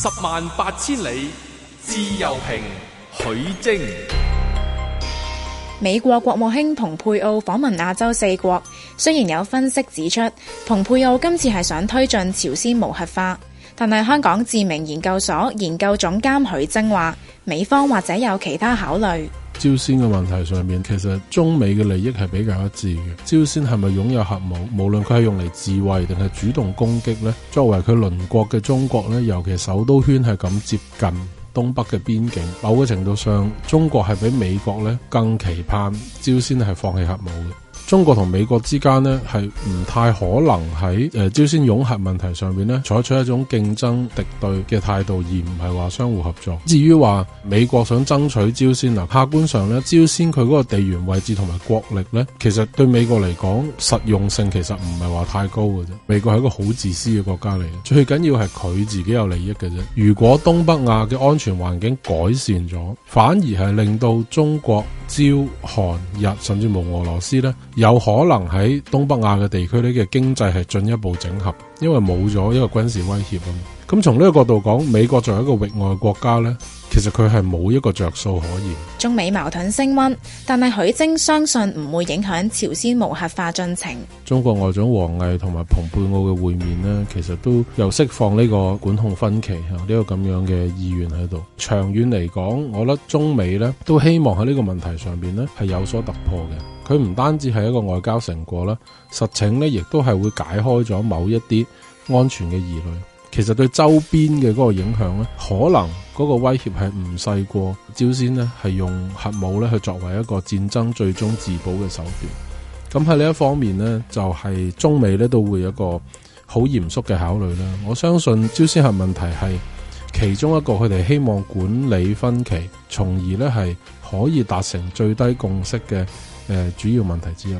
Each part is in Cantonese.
十萬八千里自由評。許楨。美國國務卿蓬佩奧訪問亞洲四國，雖然有分析指出，蓬佩奧今次係想推進朝鮮無核化，但係香港智明研究所研究總監許楨話，美方或者有其他考慮。朝鮮嘅問題上面，其實中美嘅利益係比較一致嘅。朝鮮係咪擁有核武，無論佢係用嚟自衛定係主動攻擊呢，作為佢鄰國嘅中國呢，尤其首都圈係咁接近東北嘅邊境，某個程度上，中國係比美國呢更期盼朝鮮係放棄核武嘅。中國同美國之間咧係唔太可能喺誒，朝鮮擁核問題上面咧採取一種競爭敵對嘅態度，而唔係話相互合作。至於話美國想爭取朝鮮嗱，客觀上咧朝鮮佢嗰個地緣位置同埋國力咧，其實對美國嚟講實用性其實唔係話太高嘅啫。美國係一個好自私嘅國家嚟嘅，最緊要係佢自己有利益嘅啫。如果東北亞嘅安全環境改善咗，反而係令到中國。朝韓日甚至無俄羅斯呢，有可能喺東北亞嘅地區呢嘅經濟係進一步整合，因為冇咗一個軍事威脅啊。咁從呢個角度講，美國作為一個域外國家呢。其實佢係冇一個着數可以。中美矛盾升溫，但係許楨相信唔會影響朝鮮無核化進程。中國外長王毅同埋蓬佩奧嘅會面呢，其實都又釋放呢個管控分歧吓，呢個咁樣嘅意願喺度。長遠嚟講，我覺得中美咧都希望喺呢個問題上邊呢係有所突破嘅。佢唔單止係一個外交成果啦，實情呢亦都係會解開咗某一啲安全嘅疑慮。其實對周邊嘅嗰個影響呢，可能。嗰個威脅係唔細過朝鮮呢，朝鮮咧，係用核武咧去作為一個戰爭最終自保嘅手段。咁喺呢一方面呢就係、是、中美咧都會有一個好嚴肅嘅考慮啦。我相信朝鮮核問題係其中一個佢哋希望管理分歧，從而咧，係可以達成最低共識嘅誒、呃、主要問題之一。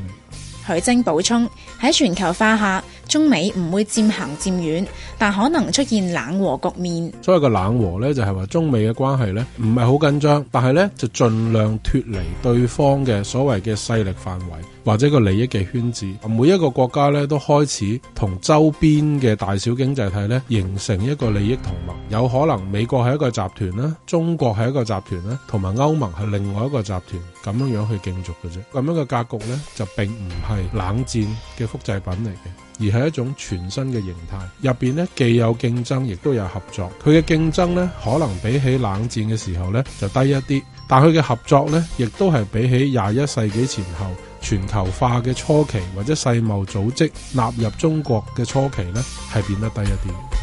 許楨補充喺全球化下。中美唔會漸行漸遠，但可能出現冷和局面。所謂嘅冷和呢，就係話中美嘅關係呢唔係好緊張，但係呢就盡量脱離對方嘅所謂嘅勢力範圍或者個利益嘅圈子。每一個國家呢都開始同周邊嘅大小經濟體呢形成一個利益同盟。有可能美國係一個集團啦，中國係一個集團啦，同埋歐盟係另外一個集團咁樣樣去競逐嘅啫。咁樣嘅格局呢，就並唔係冷戰嘅複製品嚟嘅。而係一種全新嘅形態，入邊呢，既有競爭，亦都有合作。佢嘅競爭呢，可能比起冷戰嘅時候呢就低一啲，但佢嘅合作呢亦都係比起廿一世紀前後全球化嘅初期或者世貿組織納入中國嘅初期呢係變得低一啲。